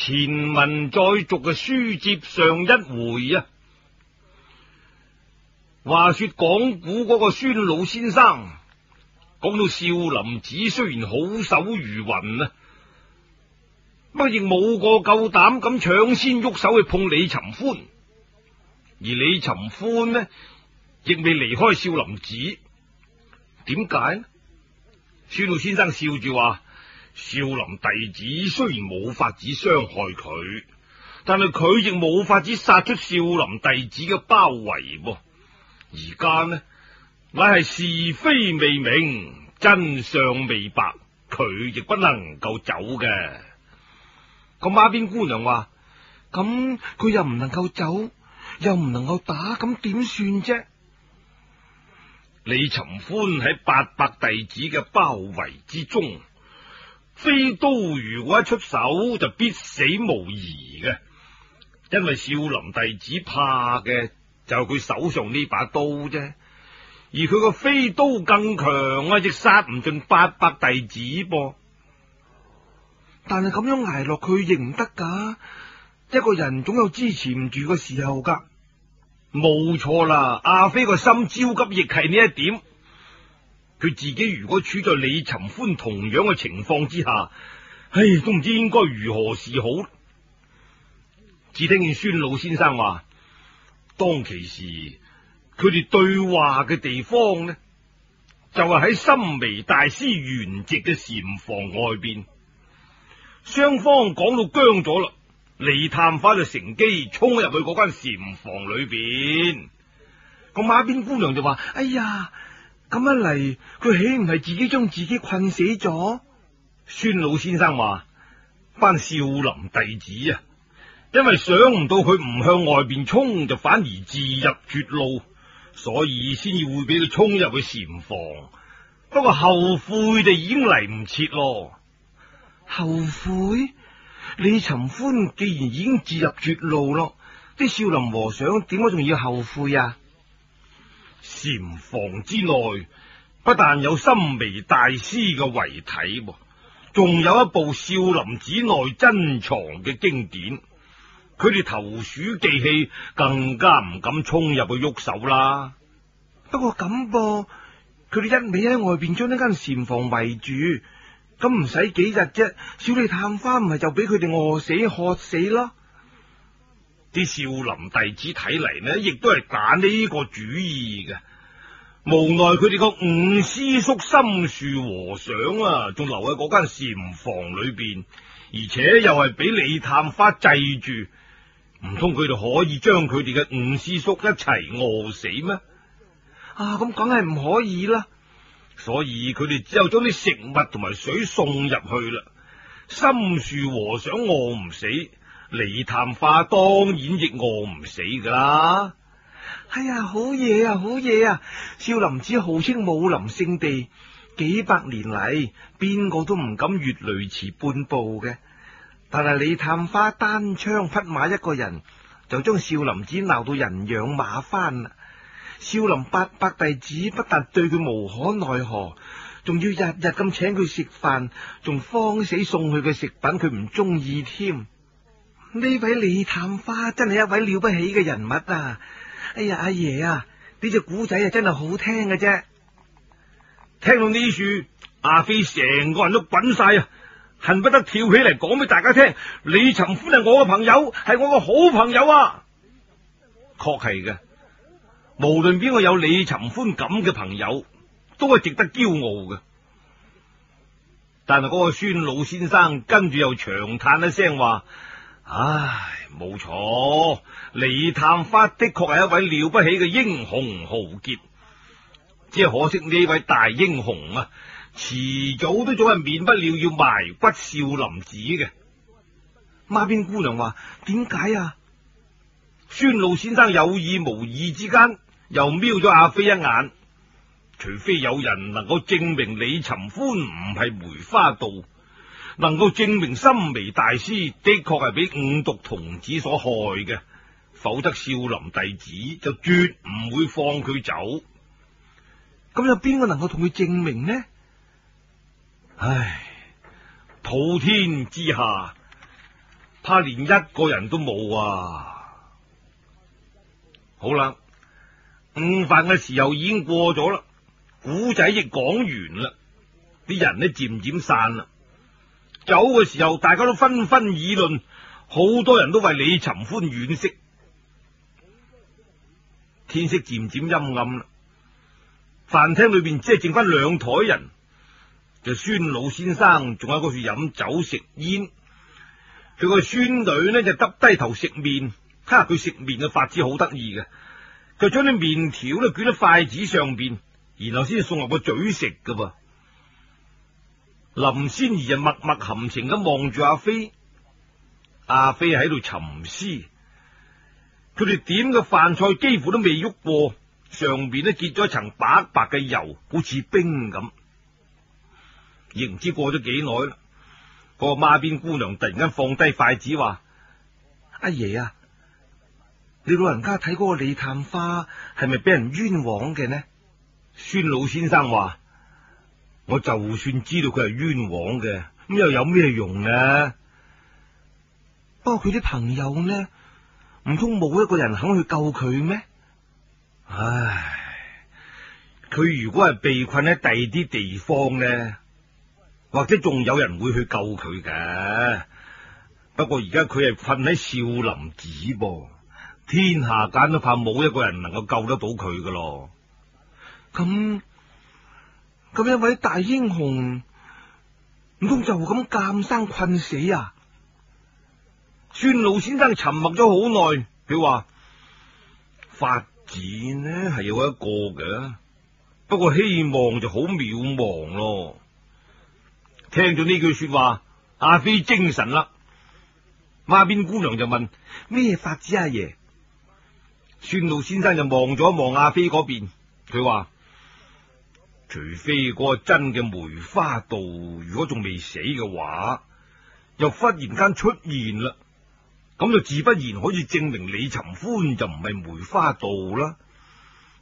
前文再續嘅書接上一回啊，話說講古個孫老先生講到少林寺雖然好手如雲啊，乜亦冇個夠膽咁搶先喐手去碰李尋歡，而李尋歡呢亦未離開少林寺，點解呢？孫老先生笑住話。少林弟子雖然冇法子傷害佢，但係佢亦冇法子殺出少林弟子嘅包圍。而家呢，乃係是非未明，真相未白，佢亦不能夠走嘅。咁阿邊姑娘話：咁佢又唔能夠走，又唔能夠打，咁點算啫？李尋歡喺八百弟子嘅包圍之中。飛刀如果一出手就必死無疑嘅，因為少林弟子怕嘅就係佢手上呢把刀啫，而佢個飛刀更強啊，亦殺唔盡八百弟子噃。但係咁樣挨落去亦唔得噶，一個人總有支持唔住嘅時候噶，冇錯啦。阿飛個心焦急亦係呢一點。佢自己如果處在李尋歡同樣嘅情況之下，唉，都唔知應該如何是好。只聽見孫老先生話：當其時，佢哋對話嘅地方呢，就係、是、喺心眉大師圓寂嘅禪房外邊。雙方講到僵咗啦，李探花就乘機衝入去嗰間禪房裏邊。個馬鞭姑娘就話：哎呀！咁一嚟，佢豈唔係自己將自己困死咗？孫老先生話：班少林弟子啊，因為想唔到佢唔向外邊衝，就反而自入絕路，所以先至會俾佢衝入去禪房。不過後悔就已經嚟唔切咯。後悔？李尋歡既然已經自入絕路咯，啲少林和尚點解仲要後悔啊？禪房之內不但有心眉大師嘅遺體，仲有一部少林寺內珍藏嘅經典。佢哋投鼠忌器，更加唔敢沖入去喐手啦。不過咁噃，佢哋一味喺外邊將呢間禪房圍住，咁唔使幾日啫。小李探花唔係就俾佢哋餓死，渴死咯。啲少林弟子睇嚟呢，亦都係打呢個主意嘅。無奈佢哋個五師叔心樹和尚啊，仲留喺嗰間禪房裏邊，而且又係俾李探花制住。唔通佢哋可以將佢哋嘅五師叔一齊餓死咩？啊，咁梗係唔可以啦。所以佢哋只有將啲食物同埋水送入去啦。心樹和尚餓唔死。李探花當然亦餓唔死噶啦！哎呀，好嘢啊，好嘢啊！少林寺號稱武林聖地，幾百年嚟邊個都唔敢越雷池半步嘅。但係李探花單槍匹馬一個人就將少林寺鬧到人仰馬翻啦！少林八百弟子不但對佢無可奈何，仲要日日咁請佢食飯，仲慌死送去嘅食品佢唔中意添。呢位李探花真係一位了不起嘅人物啊！哎呀，阿爺啊，呢隻古仔啊真係好聽㗎、啊、啫。聽到呢處，阿飛成個人都滾晒啊，恨不得跳起嚟講俾大家聽：李尋歡係我嘅朋友，係我嘅好朋友啊！確係㗎，無論邊個有李尋歡咁嘅朋友，都係值得驕傲㗎。但係嗰個孫老先生跟住又長嘆一聲話。唉，冇錯，李探花的確係一位了不起嘅英雄豪傑，只係可惜呢位大英雄啊，遲早都總係免不了要埋骨少林寺嘅。馬鞭姑娘話：點解啊？孫老先生有意無意之間又瞄咗阿飛一眼，除非有人能夠證明李尋歡唔係梅花盜。能夠證明心眉大師的確係俾五毒童子所害嘅，否則少林弟子就絕唔會放佢走。咁有邊個能夠同佢證明呢？唉，普天之下，怕連一個人都冇啊！好啦，午飯嘅時候已經過咗啦，古仔亦講完啦，啲人呢漸漸散啦。走嘅時候，大家都紛紛議論，好多人都為李尋歡惋惜。天色漸漸陰暗啦，飯廳裏邊即係剩翻兩台人，就孫老先生仲喺嗰處飲酒食煙，佢個孫女呢就耷低頭食麵，哈，佢食麵嘅法子好得意嘅，就將啲麵條呢捲喺筷子上邊，然後先送入個嘴食噶噃。林仙兒就默默含情咁望住阿飛，阿飛喺度沉思。佢哋點嘅飯菜幾乎都未喐過，上邊都結咗一層白白嘅油，好似冰咁。亦唔知過咗幾耐啦。嗰個孖邊姑娘突然間放低筷子，話：阿爺啊，你老人家睇個李探花係咪俾人冤枉嘅呢？孫老先生話。我就算知道佢係冤枉嘅，咁又有咩用呢？不過佢啲朋友呢，唔通冇一個人肯去救佢咩？唉，佢如果係被困喺第二啲地方呢，或者仲有人會去救佢嘅。不過而家佢係瞓喺少林寺噃，天下間都怕冇一個人能夠救得到佢噶咯。咁。咁一位大英雄，唔通就咁監生困死啊？孫老先生沉默咗好耐，佢話：法子呢係有一個嘅，不過希望就好渺茫咯。聽咗呢句說話，阿飛精神啦。馬邊姑娘就問：咩法子阿爺？孫老先生就望咗望阿飛嗰邊，佢話。除非嗰個真嘅梅花道如果仲未死嘅話，又忽然間出現啦，咁就自不然可以證明李尋歡就唔係梅花道啦。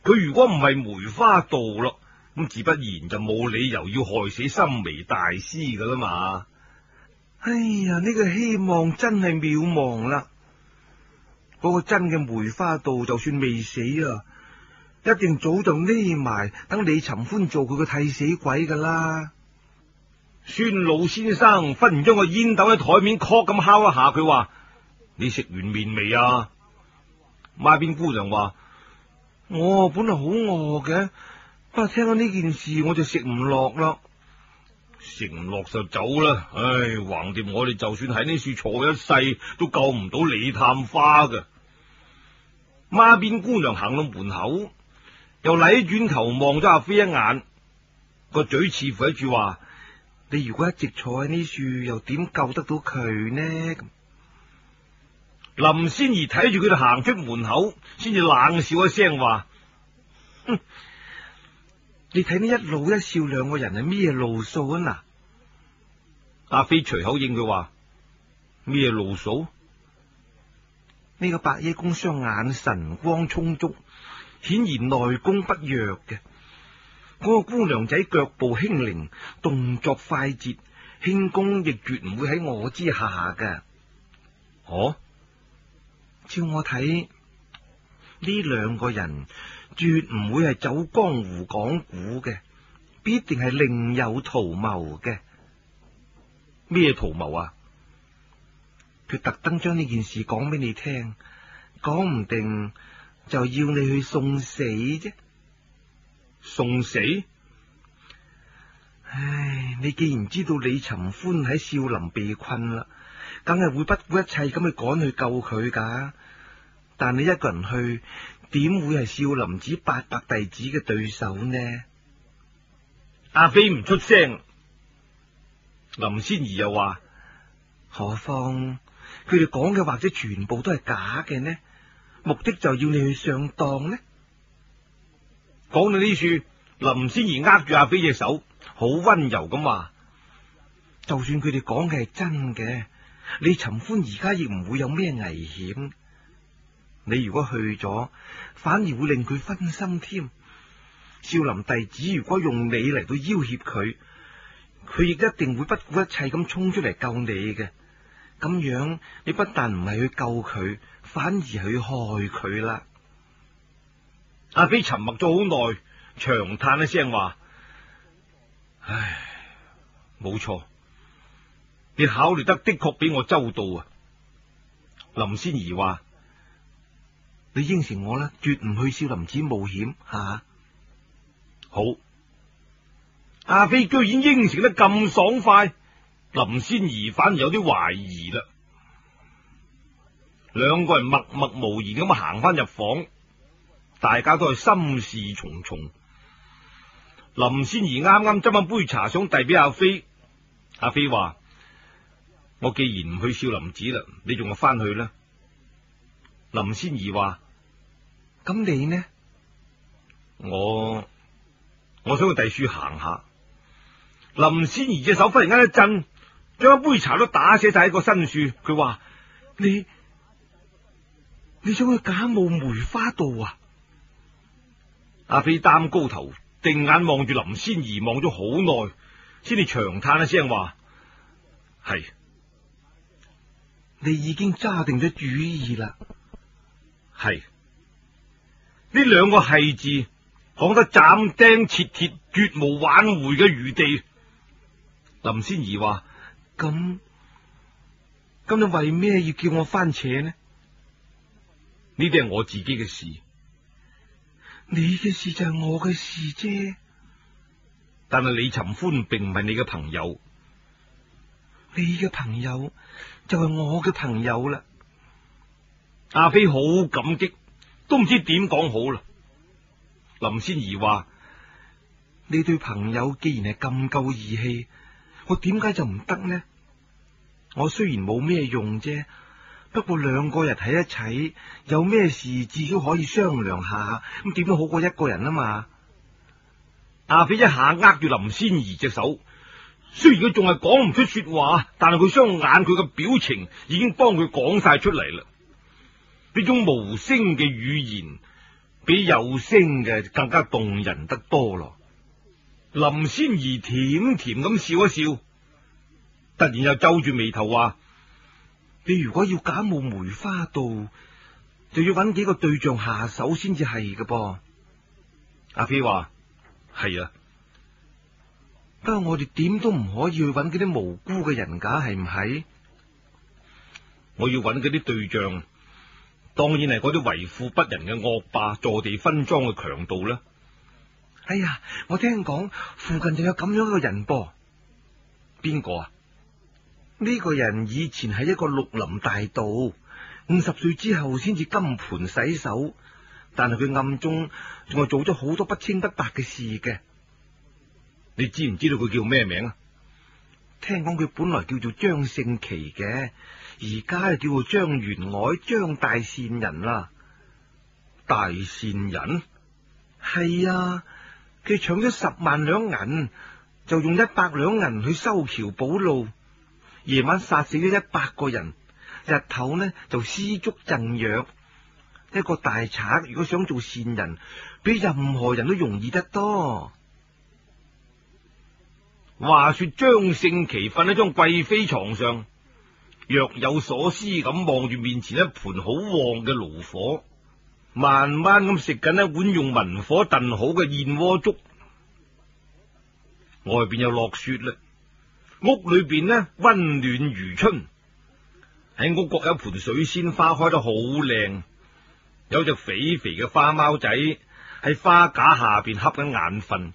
佢如果唔係梅花道啦，咁自不然就冇理由要害死心眉大師噶啦嘛。哎呀，呢個希望真係渺茫啦。嗰個真嘅梅花道就算未死啊。一定早就匿埋，等李尋歡做佢個替死鬼噶啦。孫老先生忽然將個煙斗喺台面磕咁敲一下，佢話：你食完麵未啊？孖邊姑娘話：我、哦、本來好餓嘅，不過聽到呢件事我就食唔落咯。食唔落就走啦。唉，橫掂我哋就算喺呢處坐一世都救唔到李探花嘅。孖邊姑娘行到門口。又禮轉頭望咗阿飛一眼，個嘴似乎喺住話：你如果一直坐喺呢樹，又點救得到佢呢？咁林仙兒睇住佢哋行出門口，先至冷笑一聲話：，哼， 你睇呢一老一少，兩個人係咩路數啊？嗱，阿飛隨口應佢話：咩路數？呢個白衣公雙眼神光充足。顯然內功不弱嘅，嗰、那個姑娘仔腳步輕靈，動作快捷，輕功亦絕唔會喺我之下嘅。哦、啊，照我睇，呢兩個人絕唔會係走江湖講古嘅，必定係另有圖謀嘅。咩圖謀啊？佢特登將呢件事講俾你聽，講唔定。就要你去送死啫，送死！唉，你既然知道李尋歡喺少林被困啦，梗係會不顧一切咁去趕去救佢㗎。但你一個人去，點會係少林寺八百弟子嘅對手呢？阿飛唔出聲，林仙兒又話：何況佢哋講嘅或者全部都係假嘅呢？目的就要你去上當呢？講到呢處，林仙兒握住阿飛隻手，好温柔咁話：就算佢哋講嘅係真嘅，你尋歡而家亦唔會有咩危險。你如果去咗，反而會令佢分心添。少林弟子如果用你嚟到要挾佢，佢亦一定會不顧一切咁衝出嚟救你嘅。咁樣你不但唔係去救佢。反而去害佢啦！阿飛沉默咗好耐，長嘆一聲話：唉，冇錯，你考慮得的確比我周到啊！林仙兒話：你應承我啦，絕唔去少林寺冒險吓，啊。好，阿飛居然應承得咁爽快，林仙兒反而有啲懷疑啦。兩個人默默無言咁行翻入房，大家都係心事重重。林仙兒啱啱斟翻杯茶，想遞俾阿飛，阿飛話：我既然唔去少林寺啦，你仲係翻去啦。林仙兒話：咁你呢？我我想去第處行下。林仙兒隻手忽然間一震，將一杯茶都打瀉晒喺個身處。佢話：你。你想去假冒梅花盜啊？阿飛擔高頭，定眼望住林仙兒，望咗好耐，先至長嘆一聲話：係是你已經揸定咗主意啦。係呢是兩個係字講得斬釘截鐵，絕無挽回嘅餘地。林仙兒話：咁咁你為咩要叫我翻茄呢？呢啲係我自己嘅事，你嘅事就係我嘅事啫。但係李尋歡並唔係你嘅朋友，你嘅朋友就係我嘅朋友啦。阿飛、啊、好感激，都唔知點講好啦。林仙兒話：你對朋友既然係咁夠義氣，我點解就唔得呢？我雖然冇咩用啫。不過兩個人喺一齊，有咩事至少可以商量下，咁點都好過一個人啦嘛。阿飛、啊、一下握住林仙兒隻手，雖然佢仲係講唔出說話，但係佢雙眼佢嘅表情已經幫佢講晒出嚟啦。呢種無聲嘅語言，比有聲嘅更加動人得多咯。林仙兒甜甜咁笑一笑，突然又皺住眉頭話。你如果要假冒梅花道，就要揾幾個對象下手先至係嘅噃。阿飛話：係啊，不過我哋點都唔可以去揾嗰啲無辜嘅人㗎，係唔係？我要揾嗰啲對象，當然係嗰啲為富不仁嘅惡霸、坐地分贓嘅強盜啦。哎呀，我聽講附近就有咁樣一個人噃，邊個啊？呢個人以前係一個綠林大盜，五十歲之後先至金盆洗手，但係佢暗中仲係做咗好多不清不白嘅事嘅。你知唔知道佢叫咩名啊？聽講佢本來叫做張勝奇嘅，而家係叫做張員外張大善人啦。大善人係啊，佢搶咗十萬兩銀，就用一百兩銀去修橋補路。夜晚殺死咗一百個人，日頭呢就施粥贈藥。一個大賊如果想做善人，比任何人都容易得多。話說張勝奇瞓喺張貴妃床上，若有所思咁望住面前一盤好旺嘅爐火，慢慢咁食緊一碗用文火燉好嘅燕窩粥。外邊又落雪嘞。屋裏邊呢，溫暖如春，喺屋角有盆水仙花開得好靚，有隻肥肥嘅花貓仔喺花架下邊瞌緊眼瞓。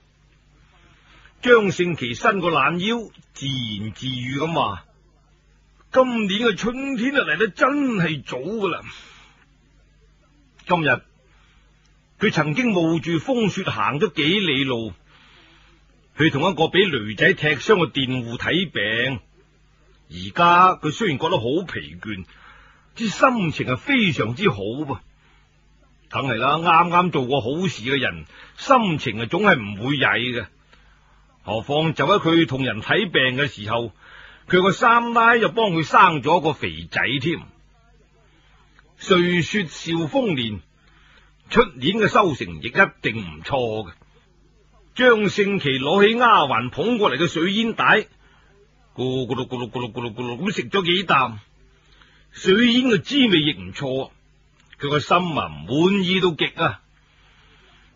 張勝奇伸個懶腰，自言自語咁話：今年嘅春天啊嚟得真係早噶啦！今日佢曾經冒住風雪行咗幾里路。佢同一個俾雷仔踢傷嘅佃戶睇病，而家佢雖然覺得好疲倦，啲心情係非常之好噃。梗係啦，啱啱做過好事嘅人，心情啊總係唔會曳嘅。何況就喺佢同人睇病嘅時候，佢個三奶又幫佢生咗個肥仔添。瑞雪兆豐年，出年嘅收成亦一定唔錯嘅。張勝奇攞起丫鬟捧過嚟嘅水煙袋，咕咕嚕咕嚕咕嚕咕嚕咕嚕咁食咗幾啖，水煙嘅滋味亦唔錯。佢個心啊滿意到極啊！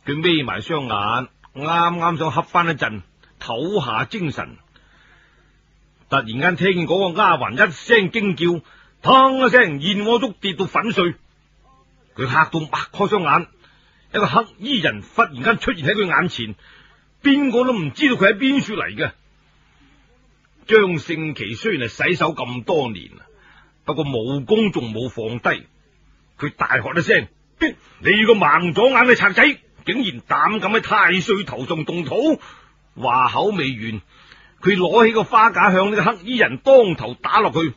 佢眯埋雙眼，啱啱想黑翻一陣，唞下精神。突然間聽見嗰個丫鬟一聲驚叫，砰一聲燕窩粥跌到粉碎。佢嚇到擘開雙眼，一個黑衣人忽然間出現喺佢眼前。邊個都唔知道佢喺邊處嚟嘅。張勝奇雖然係洗手咁多年啦，不過武功仲冇放低。佢大喝一聲，你個盲咗眼嘅賊仔，竟然膽敢喺太歲頭上動土！話口未完，佢攞起個花架向呢個黑衣人當頭打落去。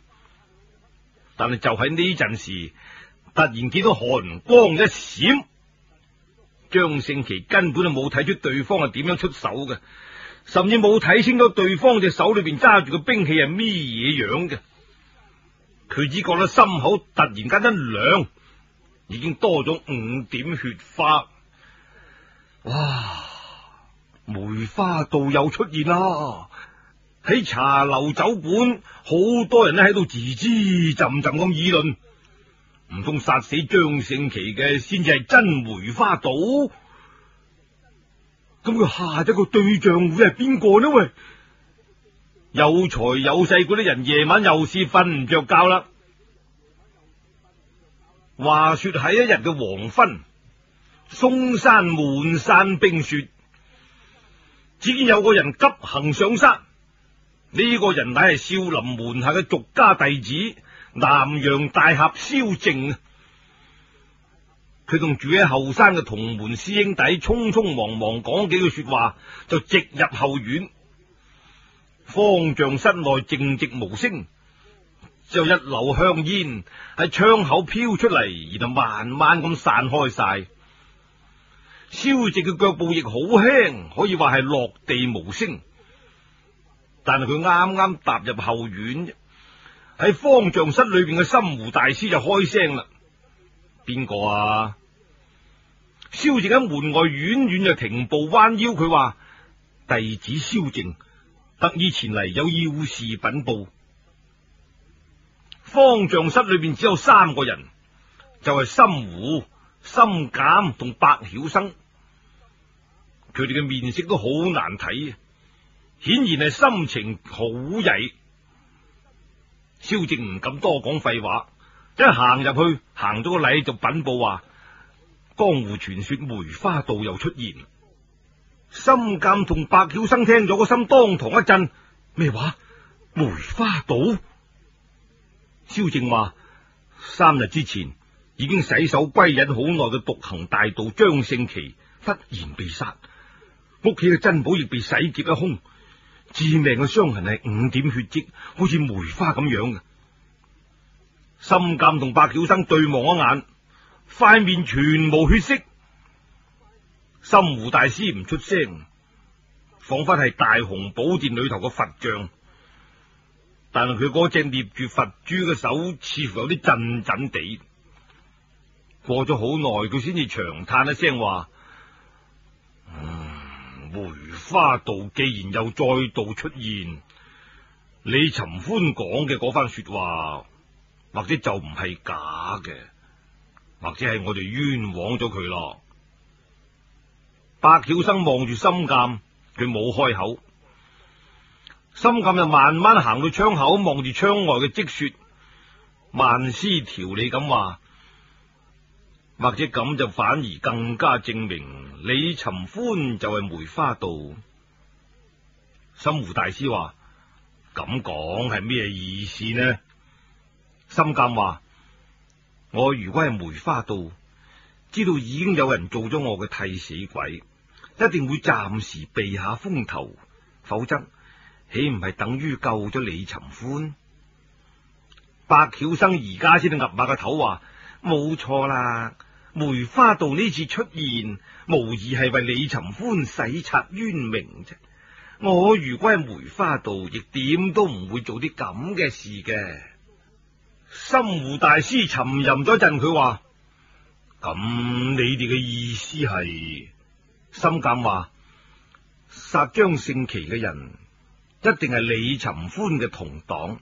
但係就喺呢陣時，突然見到寒光一閃。張勝奇根本就冇睇出對方係點樣出手嘅，甚至冇睇清楚對方隻手裏邊揸住嘅兵器係咩嘢樣嘅。佢只覺得心口突然間一涼，已經多咗五點血花。哇！梅花道又出現啦！喺茶樓酒館，好多人咧喺度吱吱斟斟咁議論。唔通殺死張勝奇嘅，先至係真梅花島？咁佢下一個對象會係邊個呢？喂，有才有勢嗰啲人，夜晚又是瞓唔着覺啦。話說喺一日嘅黃昏，嵩山滿山冰雪，只見有個人急行上山。呢個人乃係少林門下嘅俗家弟子。南洋大俠蕭靜，佢同住喺後山嘅同門師兄弟，匆匆忙忙講幾句說話，就直入後院。方丈室內靜寂無聲，之後一縷香煙喺窗口飄出嚟，然後慢慢咁散開晒。蕭靜嘅腳步亦好輕，可以話係落地無聲。但係佢啱啱踏入後院。喺方丈室裏邊嘅心湖大師就開聲啦，邊個啊？蕭靜喺門外遠遠遠就停步彎腰，佢話弟子蕭靜特意前嚟有要事稟報。方丈室裏邊只有三個人，就係心湖、心儉同白曉生，佢哋嘅面色都好難睇，顯然係心情好曳。蕭靖唔敢多講廢話，一行入去，行咗個禮就稟報話：江湖傳說梅花道，又出現。心鑒同白曉生聽咗個心當堂一震，咩話？梅花道？蕭靖話：三日之前已經洗手歸隱好耐嘅獨行大盜張勝奇忽然被殺，屋企嘅珍寶亦被洗劫一空。致命嘅傷痕係五點血迹，好似梅花咁樣嘅。心鑒同百曉生對望一眼，塊面全無血色。心湖大師唔出聲，仿佛係大雄寶殿裏頭嘅佛像，但係佢嗰隻捏住佛珠嘅手，似乎有啲震震地。過咗好耐，佢先至長嘆一聲話。嗯梅花盜，既然又再度出現，李尋歡講嘅嗰番說話，或者就唔係假嘅，或者係我哋冤枉咗佢咯。白曉生望住心鑒，佢冇開口。心鑒就慢慢行到窗口，望住窗外嘅積雪，慢條斯理咁話。或者咁就反而更加證明李尋歡就係梅花道。心湖大師話：咁講係咩意思呢？心鑑話：我如果係梅花道，知道已經有人做咗我嘅替死鬼，一定會暫時避下風頭，否則豈唔係等於救咗李尋歡？白曉生而家先至岌埋個頭話：冇錯啦。梅花道呢次出現，無疑係為李尋歡洗刷冤名啫。我如果係梅花道，亦點都唔會做啲咁嘅事嘅。心湖大師沉吟咗陣，佢話：咁你哋嘅意思係？心鑑話殺張勝奇嘅人，一定係李尋歡嘅同黨。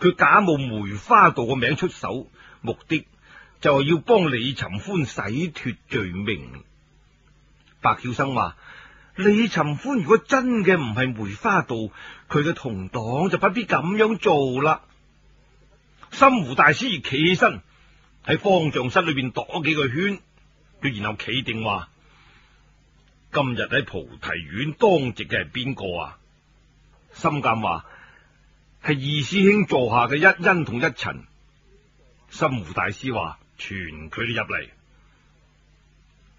佢假冒梅花道個名出手，目的，就係要幫李尋歡洗脱罪名。白曉生話：李尋歡如果真嘅唔係梅花盜，佢嘅同黨就不必咁樣做啦。心湖大師企起身喺方丈室裏邊踱咗幾個圈，佢然後企定話：今日喺菩提院當值嘅係邊個啊？心鑒話：係二師兄座下嘅一恩同一塵。心湖大師話。傳佢哋入嚟，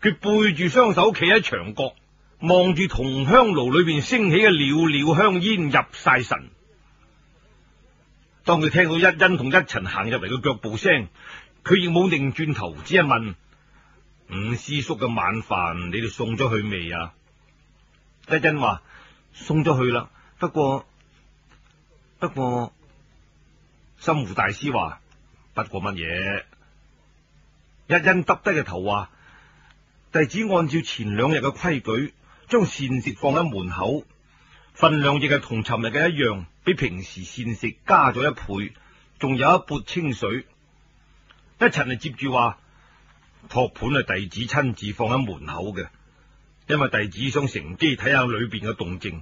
佢背住雙手企喺牆角，望住銅香爐裏邊升起嘅裊裊香煙，入晒神。當佢聽到一恩同一塵行入嚟嘅腳步聲，佢亦冇擰轉頭，只係問：五師叔嘅晚飯你哋送咗去未啊？一恩話：送咗去啦，不過不過，心湖大師話：不過乜嘢？一因耷低嘅頭話：弟子按照前兩日嘅規矩，將膳食放喺門口，份量亦係同尋日嘅一樣，比平時膳食加咗一倍，仲有一缽清水。一陳就接住話：托盤係弟子親自放喺門口嘅，因為弟子想乘機睇下裏邊嘅動靜。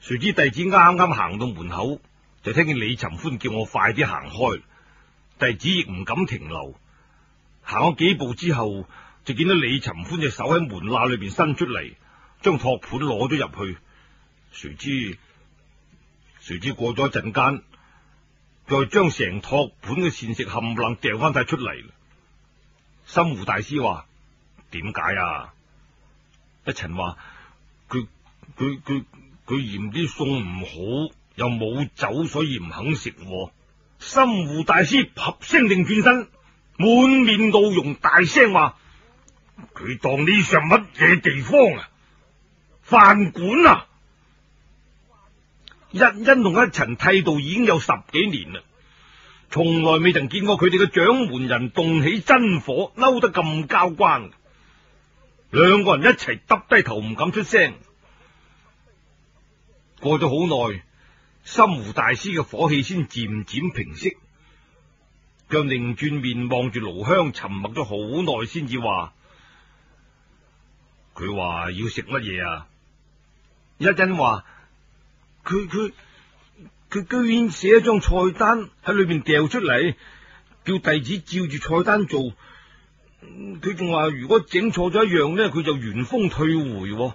誰知弟子啱啱行到門口，就聽見李尋歡叫我快啲行開，弟子亦唔敢停留。行咗幾步之後，就見到李尋歡隻手喺門罅裏邊伸出嚟，將托盤攞咗入去。誰知誰知過咗一陣間，又將成托盤嘅膳食冚唪唥掟翻曬出嚟。心湖大師話：點解啊？一塵話：佢佢佢佢嫌啲餸唔好，又冇酒，所以唔肯食。心湖大師啪聲定轉身。滿面怒容大聲，大聲話：佢當呢上乜嘢地方啊？飯館啊！恩一恩同一陳剃度已經有十幾年啦，從來未曾見過佢哋嘅掌門人動起真火，嬲得咁交關。兩個人一齊耷低頭，唔敢出聲。過咗好耐，深湖大師嘅火氣先漸漸平息。佢擰轉面望住爐香，沉默咗好耐，先至話：佢話要食乜嘢啊？一陣話，佢佢佢居然寫一張菜單喺裏邊掉出嚟，叫弟子照住菜單做。佢仲話如果整錯咗一樣呢，佢就原封退回。哦。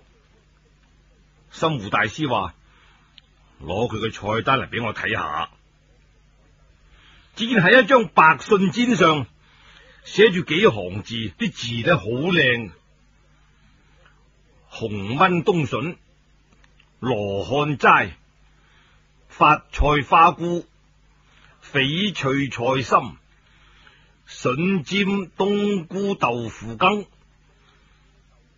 心湖大師話：攞佢嘅菜單嚟俾我睇下。只見喺一張白信箋上寫住幾行字，啲字呢好靚。紅炆冬筍、羅漢齋、髮菜花菇、翡翠菜心、筍尖冬菇豆腐羹，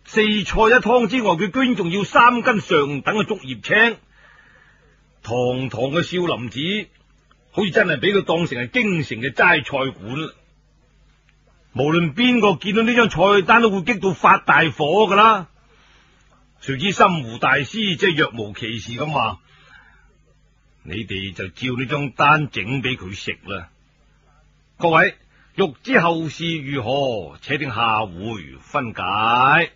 四菜一湯之外，佢居然仲要三斤上等嘅竹葉青。堂堂嘅少林寺。好似真係俾佢當成係京城嘅齋菜館啦，無論邊個見到呢張菜單都會激到發大火噶啦。誰知心湖大師即係若無其事咁話：你哋就照呢張單整俾佢食啦。各位欲知後事如何，且聽下回分解。